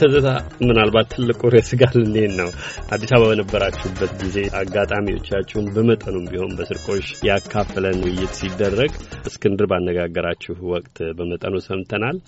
ትዝታ ምናልባት ትልቁ ሬስ ጋር ልንሄድ ነው። አዲስ አበባ በነበራችሁበት ጊዜ አጋጣሚዎቻችሁን በመጠኑም ቢሆን በስርቆሽ ያካፈለን ውይይት ሲደረግ እስክንድር ባነጋገራችሁ ወቅት በመጠኑ ሰምተናል።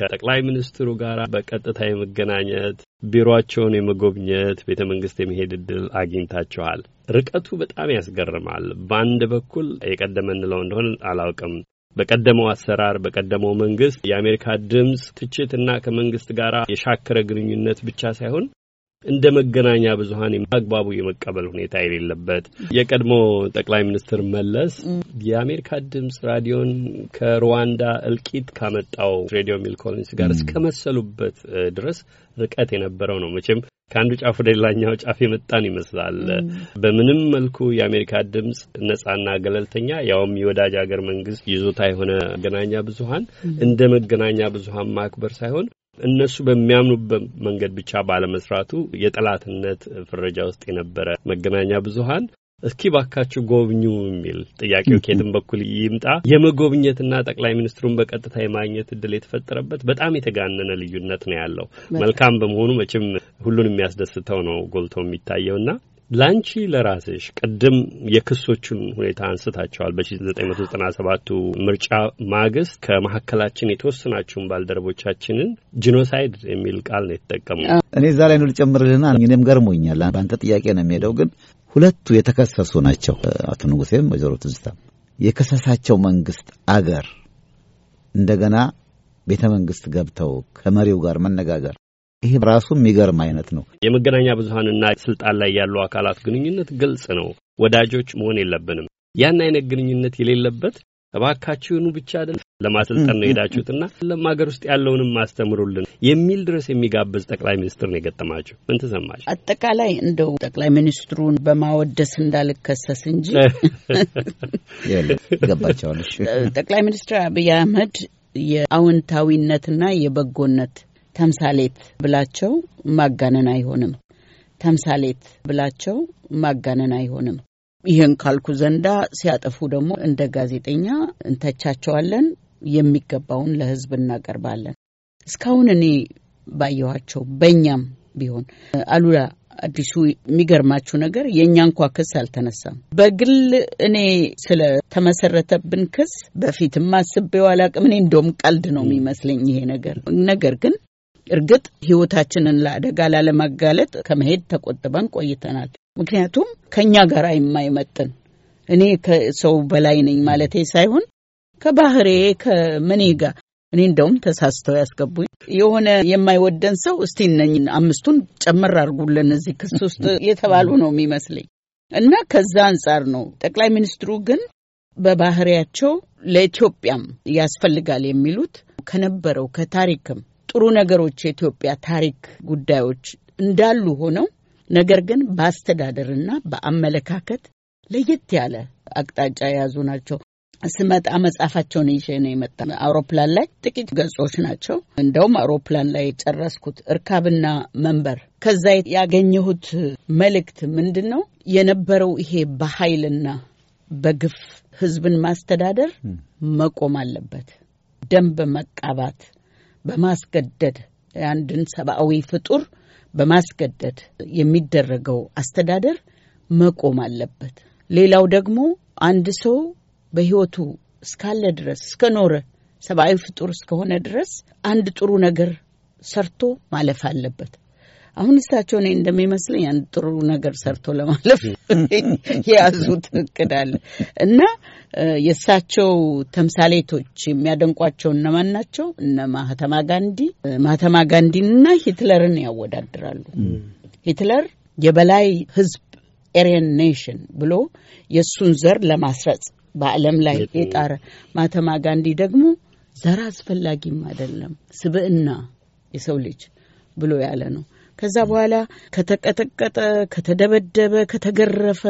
ከጠቅላይ ሚኒስትሩ ጋር በቀጥታ የመገናኘት ቢሮቸውን የመጎብኘት ቤተ መንግስት የመሄድ እድል አግኝታችኋል። ርቀቱ በጣም ያስገርማል። በአንድ በኩል የቀደመ እንለው እንደሆን አላውቅም በቀደመው አሰራር በቀደመው መንግስት የአሜሪካ ድምፅ ትችትና ከመንግስት ጋር የሻከረ ግንኙነት ብቻ ሳይሆን እንደ መገናኛ ብዙሀን አግባቡ የመቀበል ሁኔታ የሌለበት የቀድሞ ጠቅላይ ሚኒስትር መለስ የአሜሪካ ድምፅ ራዲዮን ከሩዋንዳ እልቂት ካመጣው ሬዲዮ ሚል ኮሊንስ ጋር እስከመሰሉበት ድረስ ርቀት የነበረው ነው። መቼም ከአንዱ ጫፍ ወደ ሌላኛው ጫፍ የመጣን ይመስላል። በምንም መልኩ የአሜሪካ ድምፅ ነጻና ገለልተኛ ያውም የወዳጅ ሀገር መንግስት ይዞታ የሆነ መገናኛ ብዙሀን እንደ መገናኛ ብዙሀን ማክበር ሳይሆን እነሱ በሚያምኑበት መንገድ ብቻ ባለመስራቱ የጠላትነት ፍረጃ ውስጥ የነበረ መገናኛ ብዙሀን እስኪ ባካችሁ ጎብኙ የሚል ጥያቄው ከየትም በኩል ይምጣ የመጎብኘትና ጠቅላይ ሚኒስትሩን በቀጥታ የማግኘት እድል የተፈጠረበት በጣም የተጋነነ ልዩነት ነው ያለው። መልካም በመሆኑ መቼም ሁሉን የሚያስደስተው ነው ጎልቶ የሚታየውና ላንቺ ለራስሽ ቅድም የክሶቹን ሁኔታ አንስታቸዋል። በ1997ቱ ምርጫ ማግስት ከመካከላችን የተወሰናችሁን ባልደረቦቻችንን ጂኖሳይድ የሚል ቃል ነው የተጠቀሙ። እኔ እዛ ላይ ነው ልጨምርልና እኔም ገርሞኛል። በአንተ ጥያቄ ነው የሚሄደው ግን ሁለቱ የተከሰሱ ናቸው። አቶ ንጉሴም ወይዘሮ ትዝታ የከሰሳቸው መንግስት አገር እንደገና ቤተ መንግስት ገብተው ከመሪው ጋር መነጋገር ይሄ ራሱ የሚገርም አይነት ነው። የመገናኛ ብዙሀንና ስልጣን ላይ ያሉ አካላት ግንኙነት ግልጽ ነው። ወዳጆች መሆን የለብንም። ያን አይነት ግንኙነት የሌለበት እባካችሁኑ ብቻ አይደለም ለማሰልጠን ነው ሄዳችሁትና ለም ሀገር ውስጥ ያለውንም ማስተምሩልን የሚል ድረስ የሚጋብዝ ጠቅላይ ሚኒስትር ነው የገጠማችሁ። ምን ተሰማች? አጠቃላይ እንደው ጠቅላይ ሚኒስትሩን በማወደስ እንዳልከሰስ እንጂ ጠቅላይ ሚኒስትር አብይ አህመድ የአዎንታዊነትና የበጎነት ተምሳሌት ብላቸው ማጋነን አይሆንም። ተምሳሌት ብላቸው ማጋነን አይሆንም። ይህን ካልኩ ዘንዳ ሲያጠፉ ደግሞ እንደ ጋዜጠኛ እንተቻቸዋለን፣ የሚገባውን ለህዝብ እናቀርባለን። እስካሁን እኔ ባየኋቸው በእኛም ቢሆን አሉላ አዲሱ የሚገርማችሁ ነገር የእኛ እንኳ ክስ አልተነሳም። በግል እኔ ስለተመሰረተብን ክስ በፊትም አስቤው አላቅም። እኔ እንደውም ቀልድ ነው የሚመስለኝ ይሄ ነገር። ነገር ግን እርግጥ ህይወታችንን ለአደጋ ላለማጋለጥ ከመሄድ ተቆጥበን ቆይተናል። ምክንያቱም ከእኛ ጋር የማይመጥን እኔ ከሰው በላይ ነኝ ማለቴ ሳይሆን ከባህሬ ከምኔ ጋር እኔ እንደውም ተሳስተው ያስገቡኝ የሆነ የማይወደን ሰው እስቲ እነኝ አምስቱን ጨመር አድርጉልን እዚህ ክስ ውስጥ የተባሉ ነው የሚመስለኝ እና ከዛ አንጻር ነው ጠቅላይ ሚኒስትሩ ግን በባህሪያቸው ለኢትዮጵያም ያስፈልጋል የሚሉት ከነበረው ከታሪክም ጥሩ ነገሮች የኢትዮጵያ ታሪክ ጉዳዮች እንዳሉ ሆነው ነገር ግን በአስተዳደርና በአመለካከት ለየት ያለ አቅጣጫ የያዙ ናቸው። ስመጣ መጽሐፋቸውን ይዤ ነው የመጣ። አውሮፕላን ላይ ጥቂት ገጾች ናቸው። እንደውም አውሮፕላን ላይ የጨረስኩት እርካብና መንበር። ከዛ ያገኘሁት መልእክት ምንድን ነው የነበረው? ይሄ በኃይልና በግፍ ህዝብን ማስተዳደር መቆም አለበት። ደንብ በመቃባት በማስገደድ የአንድን ሰብአዊ ፍጡር በማስገደድ የሚደረገው አስተዳደር መቆም አለበት። ሌላው ደግሞ አንድ ሰው በሕይወቱ እስካለ ድረስ እስከኖረ ሰብአዊ ፍጡር እስከሆነ ድረስ አንድ ጥሩ ነገር ሰርቶ ማለፍ አለበት። አሁን እሳቸው እኔ እንደሚመስለኝ አንድ ጥሩ ነገር ሰርቶ ለማለፍ የያዙት እቅድ አለ እና የእሳቸው ተምሳሌቶች የሚያደንቋቸው እነማን ናቸው? እነ ማህተማ ጋንዲ ማህተማ ጋንዲንና ሂትለርን ያወዳድራሉ። ሂትለር የበላይ ህዝብ ኤሪየን ኔሽን ብሎ የእሱን ዘር ለማስረጽ በዓለም ላይ የጣረ ማህተማ ጋንዲ ደግሞ ዘር አስፈላጊም አይደለም ስብዕና የሰው ልጅ ብሎ ያለ ነው። ከዛ በኋላ ከተቀጠቀጠ፣ ከተደበደበ፣ ከተገረፈ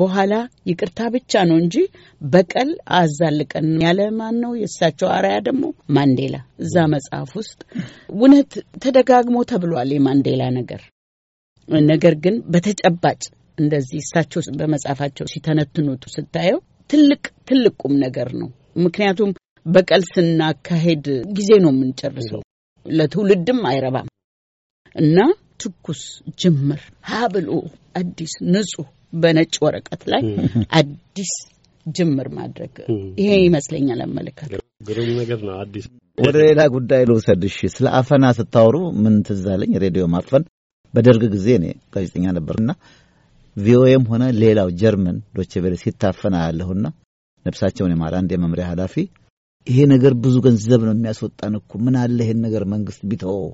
በኋላ ይቅርታ ብቻ ነው እንጂ በቀል አዛልቀን ያለ ማን ነው? የእሳቸው አርያ ደግሞ ማንዴላ። እዛ መጽሐፍ ውስጥ እውነት ተደጋግሞ ተብሏል የማንዴላ ነገር። ነገር ግን በተጨባጭ እንደዚህ እሳቸው በመጽሐፋቸው ሲተነትኑት ስታየው ትልቅ ትልቅ ቁም ነገር ነው። ምክንያቱም በቀል ስናካሄድ ጊዜ ነው የምንጨርሰው፣ ለትውልድም አይረባም እና ትኩስ ጅምር ሀብሎ አዲስ ንጹህ በነጭ ወረቀት ላይ አዲስ ጅምር ማድረግ ይሄ ይመስለኛል አመለካት። ግሩም ነገር ነው። አዲስ ወደ ሌላ ጉዳይ ልውሰድሽ። ስለ አፈና ስታወሩ ምን ትዝ አለኝ? ሬዲዮ ማፈን በደርግ ጊዜ እኔ ጋዜጠኛ ነበርና ቪኦኤም ሆነ ሌላው ጀርመን ዶቼ ቬለ ሲታፈን አያለሁና ነብሳቸውን የማር አንድ የመምሪያ ኃላፊ ይሄ ነገር ብዙ ገንዘብ ነው የሚያስወጣን እኮ ምን አለ ይሄን ነገር መንግስት ቢተወው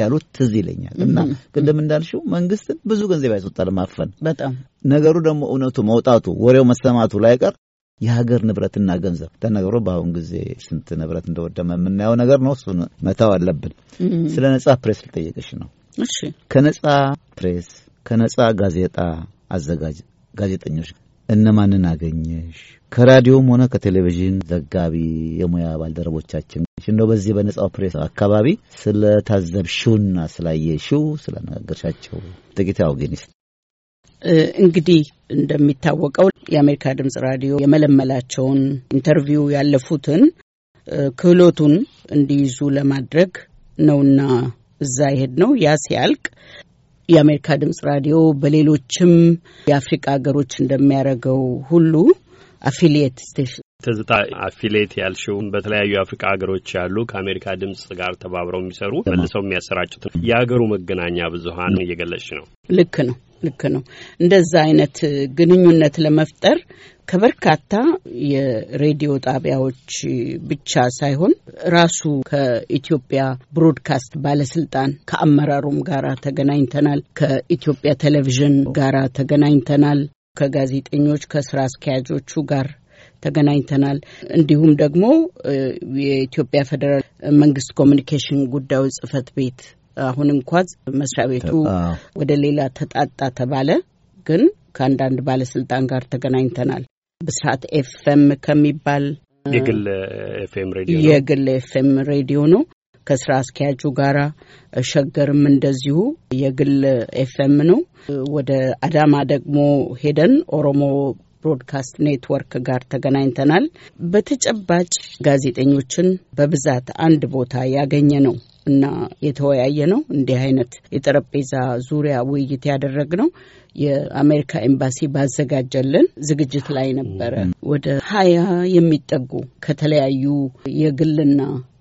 ያሉት ትዝ ይለኛል። እና ቅድም እንዳልሽው መንግስትን ብዙ ገንዘብ ያስወጣል ማፈን። በጣም ነገሩ ደግሞ እውነቱ መውጣቱ ወሬው መሰማቱ ላይቀር የሀገር ንብረትና ገንዘብ ተነገሮ በአሁን ጊዜ ስንት ንብረት እንደወደመ የምናየው ነገር ነው። እሱን መታው አለብን። ስለ ነጻ ፕሬስ ልጠየቅሽ ነው። ከነጻ ፕሬስ ከነጻ ጋዜጣ አዘጋጅ ጋዜጠኞች እነማንን አገኘሽ? ከራዲዮም ሆነ ከቴሌቪዥን ዘጋቢ የሙያ ባልደረቦቻችን እንደው በዚህ በነጻው ፕሬስ አካባቢ ስለታዘብሽውና ስላየሽው ስላነጋገርሻቸው ጥቂት አውጌን እንግዲህ እንደሚታወቀው የአሜሪካ ድምጽ ራዲዮ የመለመላቸውን ኢንተርቪው ያለፉትን ክህሎቱን እንዲይዙ ለማድረግ ነውና እዛ ይሄድ ነው። ያ ሲያልቅ የአሜሪካ ድምጽ ራዲዮ በሌሎችም የአፍሪቃ ሀገሮች እንደሚያደርገው ሁሉ አፊሊየት ስቴሽን ትዝታ አፊሌት ያልሽውን በተለያዩ የአፍሪካ ሀገሮች ያሉ ከአሜሪካ ድምጽ ጋር ተባብረው የሚሰሩ መልሰው የሚያሰራጩትን የሀገሩ መገናኛ ብዙሀን እየገለጽሽ ነው። ልክ ነው። ልክ ነው። እንደዛ አይነት ግንኙነት ለመፍጠር ከበርካታ የሬዲዮ ጣቢያዎች ብቻ ሳይሆን ራሱ ከኢትዮጵያ ብሮድካስት ባለስልጣን ከአመራሩም ጋራ ተገናኝተናል። ከኢትዮጵያ ቴሌቪዥን ጋራ ተገናኝተናል። ከጋዜጠኞች ከስራ አስኪያጆቹ ጋር ተገናኝተናል። እንዲሁም ደግሞ የኢትዮጵያ ፌዴራል መንግስት ኮሚኒኬሽን ጉዳዩ ጽህፈት ቤት አሁን እንኳን መስሪያ ቤቱ ወደ ሌላ ተጣጣ ተባለ። ግን ከአንዳንድ ባለስልጣን ጋር ተገናኝተናል። ብስራት ኤፍኤም ከሚባል የግል ኤፍኤም ሬዲዮ ነው ከስራ አስኪያጁ ጋራ ሸገርም እንደዚሁ የግል ኤፍኤም ነው። ወደ አዳማ ደግሞ ሄደን ኦሮሞ ብሮድካስት ኔትወርክ ጋር ተገናኝተናል። በተጨባጭ ጋዜጠኞችን በብዛት አንድ ቦታ ያገኘ ነው። እና የተወያየ ነው። እንዲህ አይነት የጠረጴዛ ዙሪያ ውይይት ያደረግ ነው የአሜሪካ ኤምባሲ ባዘጋጀልን ዝግጅት ላይ ነበረ። ወደ ሀያ የሚጠጉ ከተለያዩ የግልና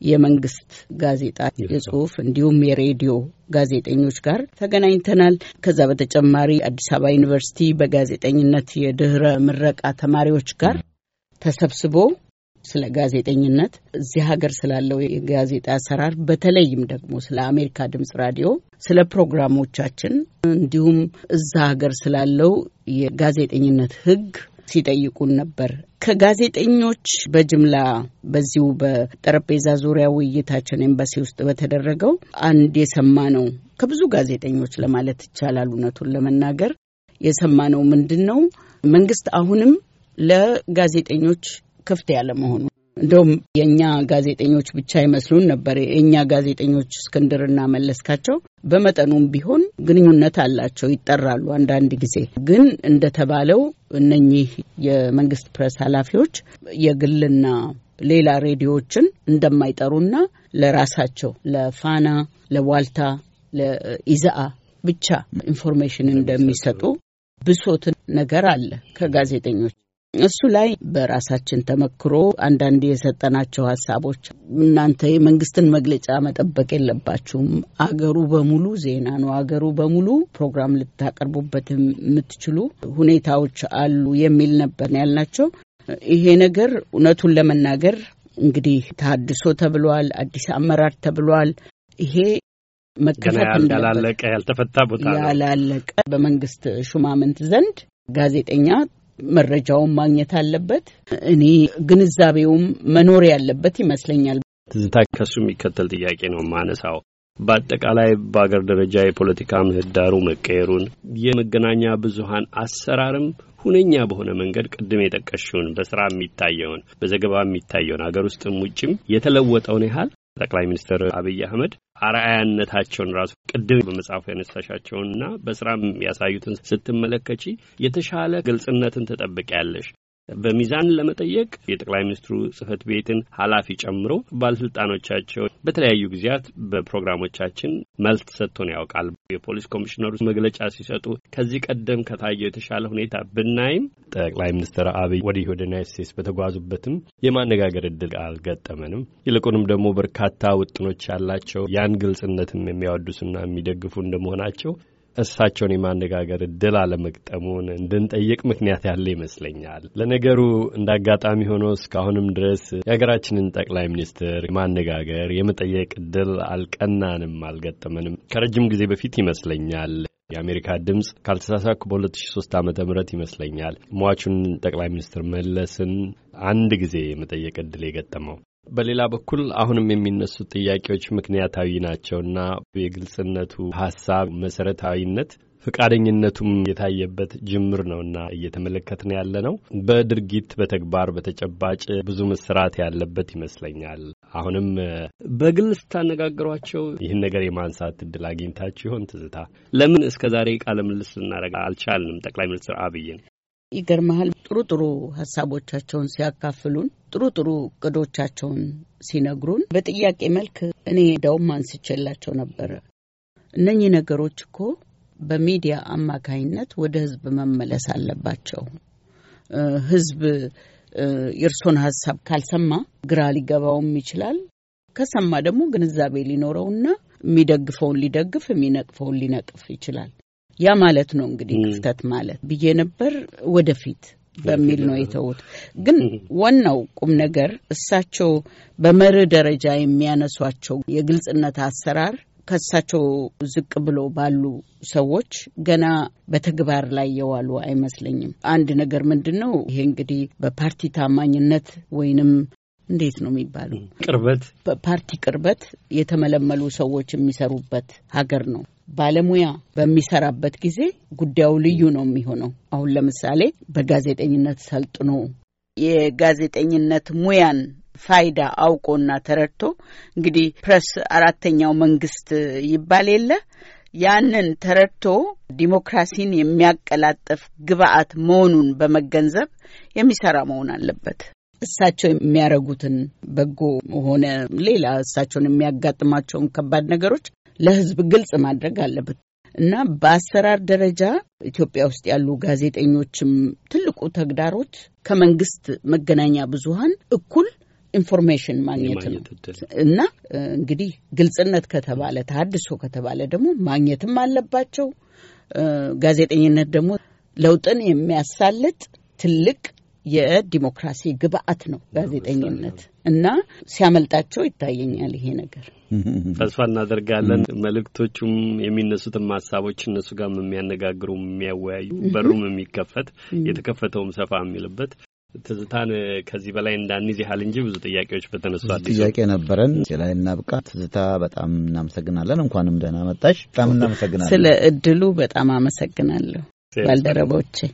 የመንግስት ጋዜጣ የጽሁፍ እንዲሁም የሬዲዮ ጋዜጠኞች ጋር ተገናኝተናል። ከዛ በተጨማሪ አዲስ አበባ ዩኒቨርሲቲ በጋዜጠኝነት የድህረ ምረቃ ተማሪዎች ጋር ተሰብስቦ ስለ ጋዜጠኝነት እዚህ ሀገር ስላለው የጋዜጣ አሰራር በተለይም ደግሞ ስለ አሜሪካ ድምጽ ራዲዮ፣ ስለ ፕሮግራሞቻችን እንዲሁም እዛ ሀገር ስላለው የጋዜጠኝነት ህግ ሲጠይቁን ነበር። ከጋዜጠኞች በጅምላ በዚሁ በጠረጴዛ ዙሪያ ውይይታችን ኤምባሲ ውስጥ በተደረገው አንድ የሰማ ነው ከብዙ ጋዜጠኞች ለማለት ይቻላል እውነቱን ለመናገር የሰማ ነው ምንድን ነው መንግስት አሁንም ለጋዜጠኞች ክፍት ያለ መሆኑ እንደውም የእኛ ጋዜጠኞች ብቻ ይመስሉን ነበር። የእኛ ጋዜጠኞች እስክንድርና መለስካቸው በመጠኑም ቢሆን ግንኙነት አላቸው፣ ይጠራሉ። አንዳንድ ጊዜ ግን እንደተባለው እነኚህ የመንግስት ፕሬስ ኃላፊዎች የግልና ሌላ ሬዲዮዎችን እንደማይጠሩና ለራሳቸው ለፋና፣ ለዋልታ፣ ለኢዛአ ብቻ ኢንፎርሜሽን እንደሚሰጡ ብሶትን ነገር አለ ከጋዜጠኞች እሱ ላይ በራሳችን ተመክሮ አንዳንድ የሰጠናቸው ሀሳቦች እናንተ የመንግስትን መግለጫ መጠበቅ የለባችሁም፣ አገሩ በሙሉ ዜና ነው፣ አገሩ በሙሉ ፕሮግራም ልታቀርቡበት የምትችሉ ሁኔታዎች አሉ የሚል ነበር ያልናቸው። ይሄ ነገር እውነቱን ለመናገር እንግዲህ ታድሶ ተብሏል፣ አዲስ አመራር ተብሏል። ይሄ መከፈት ያላለቀ ያልተፈታ ቦታ ያላለቀ በመንግስት ሹማምንት ዘንድ ጋዜጠኛ መረጃውን ማግኘት አለበት። እኔ ግንዛቤውም መኖር ያለበት ይመስለኛል። ትዝታ ከሱ የሚከተል ጥያቄ ነው ማነሳው በአጠቃላይ በአገር ደረጃ የፖለቲካ ምህዳሩ መቀየሩን የመገናኛ ብዙሃን አሰራርም ሁነኛ በሆነ መንገድ ቅድም የጠቀሽውን በስራ የሚታየውን በዘገባ የሚታየውን አገር ውስጥም ውጭም የተለወጠውን ያህል ጠቅላይ ሚኒስትር አብይ አህመድ አርአያነታቸውን ራሱ ቅድም በመጽሐፉ ያነሳሻቸውንና በስራም ያሳዩትን ስትመለከቺ የተሻለ ግልጽነትን ትጠብቅ ያለሽ በሚዛን ለመጠየቅ የጠቅላይ ሚኒስትሩ ጽህፈት ቤትን ኃላፊ ጨምሮ ባለስልጣኖቻቸው በተለያዩ ጊዜያት በፕሮግራሞቻችን መልስ ሰጥቶን ያውቃል። የፖሊስ ኮሚሽነሩ መግለጫ ሲሰጡ ከዚህ ቀደም ከታየው የተሻለ ሁኔታ ብናይም ጠቅላይ ሚኒስትር አብይ ወዲህ ወደ ዩናይት ስቴትስ በተጓዙበትም የማነጋገር እድል አልገጠመንም። ይልቁንም ደግሞ በርካታ ውጥኖች ያላቸው ያን ግልጽነትም የሚያወዱስና የሚደግፉ እንደመሆናቸው እሳቸውን የማነጋገር እድል አለመግጠሙን እንድንጠይቅ ምክንያት ያለ ይመስለኛል። ለነገሩ እንደ አጋጣሚ ሆኖ እስካሁንም ድረስ የሀገራችንን ጠቅላይ ሚኒስትር የማነጋገር የመጠየቅ እድል አልቀናንም፣ አልገጠመንም። ከረጅም ጊዜ በፊት ይመስለኛል የአሜሪካ ድምፅ ካልተሳሳኩ በ2003 ዓ ም ይመስለኛል ሟቹን ጠቅላይ ሚኒስትር መለስን አንድ ጊዜ የመጠየቅ እድል የገጠመው በሌላ በኩል አሁንም የሚነሱት ጥያቄዎች ምክንያታዊ ናቸውና የግልጽነቱ ሀሳብ መሰረታዊነት ፈቃደኝነቱም የታየበት ጅምር ነውና እየተመለከትን ያለ ነው። በድርጊት በተግባር በተጨባጭ ብዙ መስራት ያለበት ይመስለኛል። አሁንም በግል ስታነጋግሯቸው ይህን ነገር የማንሳት እድል አግኝታችሁ ይሆን? ትዝታ፣ ለምን እስከ ዛሬ ቃለ ምልልስ ልናደርግ አልቻልንም? ጠቅላይ ሚኒስትር አብይን ይገርመሃል ጥሩ ጥሩ ሀሳቦቻቸውን ሲያካፍሉን ጥሩ ጥሩ እቅዶቻቸውን ሲነግሩን በጥያቄ መልክ እኔ እንደውም አንስቼላቸው ነበረ። እነኚህ ነገሮች እኮ በሚዲያ አማካይነት ወደ ህዝብ መመለስ አለባቸው። ህዝብ የእርሶን ሀሳብ ካልሰማ ግራ ሊገባውም ይችላል። ከሰማ ደግሞ ግንዛቤ ሊኖረውና የሚደግፈውን ሊደግፍ፣ የሚነቅፈውን ሊነቅፍ ይችላል። ያ ማለት ነው እንግዲህ ክፍተት ማለት ብዬ ነበር ወደፊት በሚል ነው የተዉት። ግን ዋናው ቁም ነገር እሳቸው በመርህ ደረጃ የሚያነሷቸው የግልጽነት አሰራር ከእሳቸው ዝቅ ብሎ ባሉ ሰዎች ገና በተግባር ላይ የዋሉ አይመስለኝም። አንድ ነገር ምንድን ነው ይሄ እንግዲህ በፓርቲ ታማኝነት ወይንም እንዴት ነው የሚባለው? ቅርበት ፓርቲ ቅርበት የተመለመሉ ሰዎች የሚሰሩበት ሀገር ነው። ባለሙያ በሚሰራበት ጊዜ ጉዳዩ ልዩ ነው የሚሆነው። አሁን ለምሳሌ በጋዜጠኝነት ሰልጥኖ የጋዜጠኝነት ሙያን ፋይዳ አውቆና ተረድቶ እንግዲህ ፕረስ አራተኛው መንግስት ይባል የለ ያንን ተረድቶ ዲሞክራሲን የሚያቀላጥፍ ግብአት መሆኑን በመገንዘብ የሚሰራ መሆን አለበት። እሳቸው የሚያደርጉትን በጎ ሆነ ሌላ እሳቸውን የሚያጋጥማቸውን ከባድ ነገሮች ለህዝብ ግልጽ ማድረግ አለበት እና በአሰራር ደረጃ ኢትዮጵያ ውስጥ ያሉ ጋዜጠኞችም ትልቁ ተግዳሮት ከመንግስት መገናኛ ብዙሀን እኩል ኢንፎርሜሽን ማግኘት ነው እና እንግዲህ ግልጽነት ከተባለ ተሀድሶ ከተባለ ደግሞ ማግኘትም አለባቸው። ጋዜጠኝነት ደግሞ ለውጥን የሚያሳልጥ ትልቅ የዲሞክራሲ ግብአት ነው ጋዜጠኝነት እና ሲያመልጣቸው ይታየኛል ይሄ ነገር። ተስፋ እናደርጋለን መልእክቶቹም የሚነሱትም ሀሳቦች እነሱ ጋር የሚያነጋግሩ የሚያወያዩ፣ በሩም የሚከፈት የተከፈተውም ሰፋ የሚልበት ትዝታን ከዚህ በላይ እንዳንይዝ ያህል እንጂ ብዙ ጥያቄዎች በተነሱ አዲስ ጥያቄ ነበረን ላይ እናብቃ። ትዝታ በጣም እናመሰግናለን። እንኳንም ደህና መጣሽ። በጣም እናመሰግናለን። ስለ እድሉ በጣም አመሰግናለሁ ባልደረቦቼ።